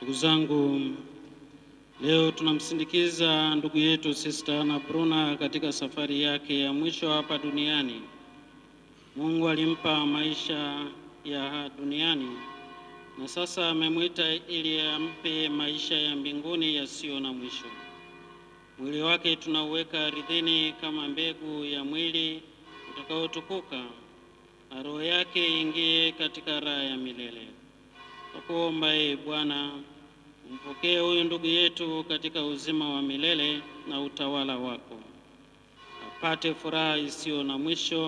Ndugu zangu, leo tunamsindikiza ndugu yetu Sister Ana Bruna katika safari yake ya mwisho hapa duniani. Mungu alimpa maisha ya duniani na sasa amemwita ili ampe maisha ya mbinguni yasiyo na mwisho. Mwili wake tunauweka ardhini kama mbegu ya mwili utakaotukuka, na roho yake ingie katika raha ya milele. Tukuomba ee Bwana, umpokee huyu ndugu yetu katika uzima wa milele na utawala wako, apate furaha isiyo na mwisho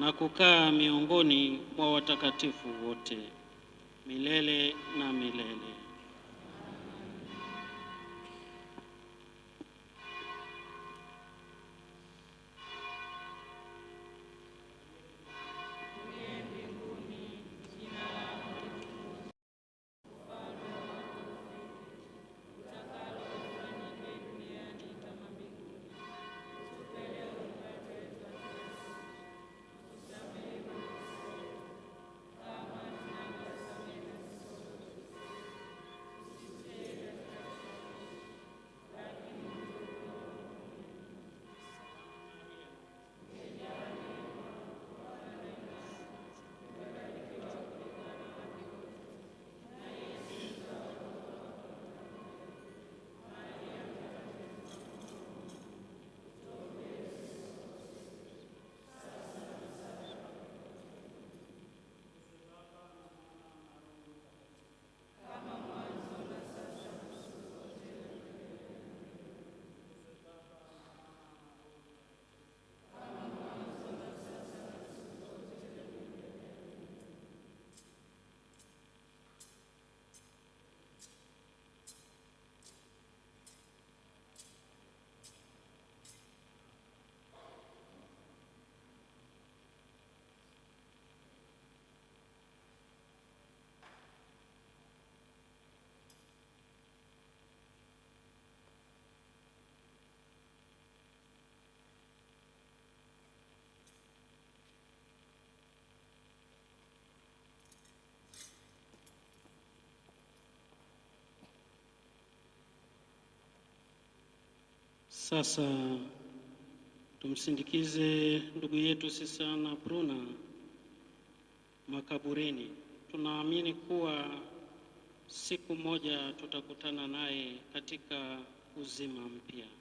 na kukaa miongoni mwa watakatifu wote milele na milele. Sasa tumsindikize ndugu yetu Sisana Bruna makaburini. Tunaamini kuwa siku moja tutakutana naye katika uzima mpya.